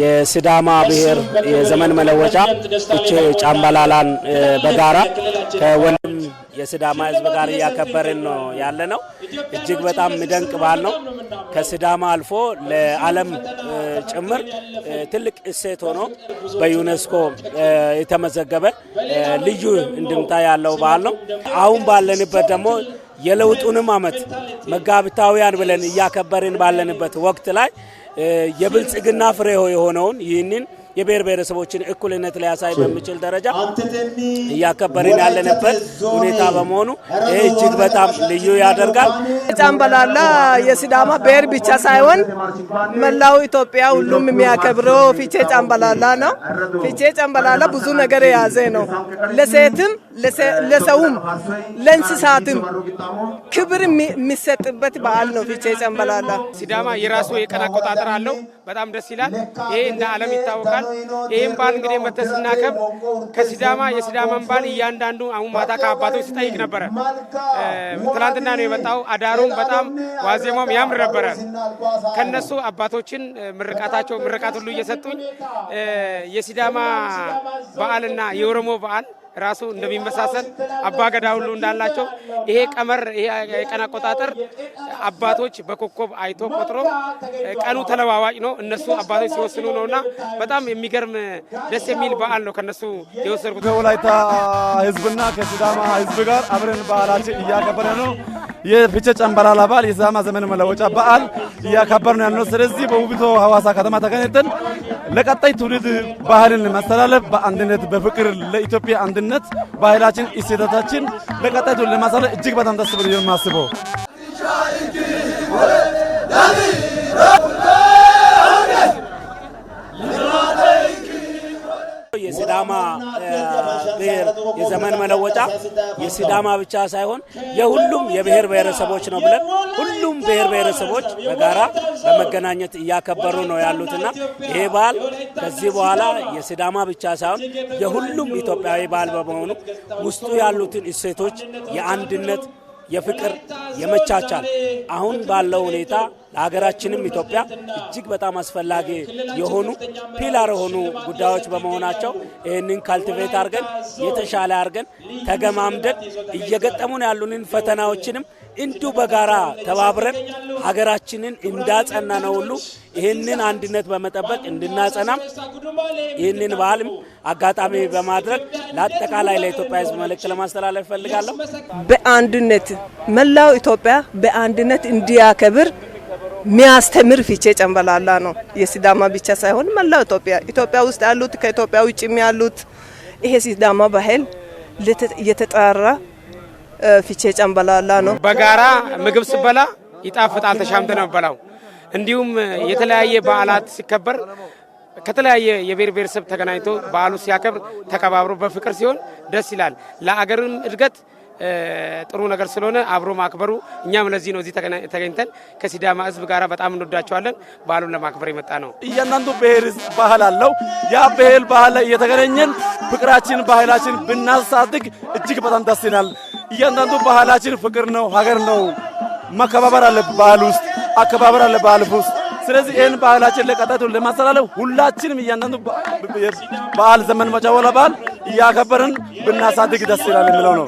የሲዳማ ብሔር የዘመን መለወጫ እቼ ጫምባላላን በጋራ ከወንድም የሲዳማ ህዝብ ጋር እያከበርን ነው ያለ ነው። እጅግ በጣም የሚደንቅ በዓል ነው። ከሲዳማ አልፎ ለዓለም ጭምር ትልቅ እሴት ሆኖ በዩኔስኮ የተመዘገበ ልዩ እንድምታ ያለው በዓል ነው። አሁን ባለንበት ደግሞ የለውጡንም ዓመት መጋቢታውያን ብለን እያከበርን ባለንበት ወቅት ላይ የብልጽግና ፍሬ የሆነውን ይህንን የብሔር ብሔረሰቦችን እኩልነት ሊያሳይ በሚችል ደረጃ እያከበርን ያለንበት ሁኔታ በመሆኑ ይህ እጅግ በጣም ልዩ ያደርጋል። ጫምበላላ የሲዳማ ብሔር ብቻ ሳይሆን መላው ኢትዮጵያ ሁሉም የሚያከብረው ፊቼ ጫምበላላ ነው። ፊቼ ጫምበላላ ብዙ ነገር የያዘ ነው። ለሴትም፣ ለሰውም፣ ለእንስሳትም ክብር የሚሰጥበት በዓል ነው። ፊቼ ጫምበላላ ሲዳማ የራሱ የቀን አቆጣጠር አለው። በጣም ደስ ይላል። ይሄ እንደ ዓለም ይታወቃል። ይህም በዓል እንግዲህ መተህ ስናከብ ከሲዳማ የሲዳማን በዓል እያንዳንዱ አሁን ማታ ከአባቶች ሲጠይቅ ነበረ። ትናንትና ነው የመጣው። አዳሩም በጣም ዋዜማም ያምር ነበረ። ከነሱ አባቶችን ምርቃታቸው ምርቃት ሁሉ እየሰጡኝ የሲዳማ በዓልና የኦሮሞ በዓል ራሱ እንደሚመሳሰል አባ ገዳ ሁሉ እንዳላቸው ይሄ ቀመር ይሄ ቀን አቆጣጠር አባቶች በኮከብ አይቶ ቆጥሮ ቀኑ ተለዋዋጭ ነው፣ እነሱ አባቶች ሲወስኑ ነው እና በጣም የሚገርም ደስ የሚል በዓል ነው። ከነሱ የወሰድኩት ከወላይታ ሕዝብና ከሲዳማ ሕዝብ ጋር አብረን በዓላችን እያከበረ ነው። የፊቼ ጨምበላላ በዓል የሲዳማ ዘመን መለወጫ በዓል እያከበር ነው ያልነው። ስለዚህ በውቢቶ ሀዋሳ ከተማ ተገኝተን ለቀጣይ ትውልድ ባህልን ማስተላለፍ በአንድነት በፍቅር ለኢትዮጵያ አንድነት ባህላችን እሴታችን ለቀጣይ ትውልድ ለማስተላለፍ እጅግ በጣም ደስ ብሎ የማስበው የሲዳማ ብሔር የዘመን መለወጫ የሲዳማ ብቻ ሳይሆን የሁሉም የብሔር ብሔረሰቦች ነው ብለን ሁሉም ብሔር ብሔረሰቦች በጋራ በመገናኘት እያከበሩ ነው ያሉትና ይሄ በዓል ከዚህ በኋላ የሲዳማ ብቻ ሳይሆን የሁሉም ኢትዮጵያዊ በዓል በመሆኑ ውስጡ ያሉትን እሴቶች የአንድነት፣ የፍቅር፣ የመቻቻል አሁን ባለው ሁኔታ ለሀገራችንም ኢትዮጵያ እጅግ በጣም አስፈላጊ የሆኑ ፒላር የሆኑ ጉዳዮች በመሆናቸው ይህንን ካልቲቬት አድርገን የተሻለ አድርገን ተገማምደን እየገጠሙን ያሉንን ፈተናዎችንም እንዱ በጋራ ተባብረን ሀገራችንን እንዳጸና ነው ሁሉ ይህንን አንድነት በመጠበቅ እንድናጸናም ይህንን በዓልም አጋጣሚ በማድረግ ለአጠቃላይ ለኢትዮጵያ ሕዝብ መልእክት ለማስተላለፍ እፈልጋለሁ። በአንድነት መላው ኢትዮጵያ በአንድነት እንዲያከብር ሚያስተምር ፊቼ ጨንበላላ ነው። የሲዳማ ብቻ ሳይሆን መላው ኢትዮጵያ ኢትዮጵያ ውስጥ ያሉት ከኢትዮጵያ ውጭም ያሉት ይሄ ሲዳማ ባህል የተጠራ ፊቼ ጨንበላላ ነው። በጋራ ምግብ ስበላ ይጣፍጣል። ተሻምተ ነው በላው። እንዲሁም የተለያየ በዓላት ሲከበር ከተለያየ የብሔር ብሔረሰብ ተገናኝቶ በዓሉ ሲያከብር ተከባብሮ በፍቅር ሲሆን ደስ ይላል። ለአገርም እድገት ጥሩ ነገር ስለሆነ አብሮ ማክበሩ እኛም ለዚህ ነው እዚህ ተገኝተን ከሲዳማ ህዝብ ጋር በጣም እንወዳቸዋለን። በዓሉን ለማክበር የመጣ ነው። እያንዳንዱ ብሔር ባህል አለው። ያ ብሔር ባህል ላይ እየተገናኘን ፍቅራችን ባህላችን ብናሳድግ እጅግ በጣም ደስ ይላል። እያንዳንዱ ባህላችን ፍቅር ነው፣ ሀገር ነው። መከባበር አለ ባህል ውስጥ አከባበር አለ ባህል ውስጥ ስለዚህ ይህን ባህላችን ለቀጣቱ ለማስተላለፍ ሁላችንም እያንዳንዱ በዓል ዘመን መጫወላ በዓል እያከበርን ብናሳድግ ደስ ይላል የሚለው ነው።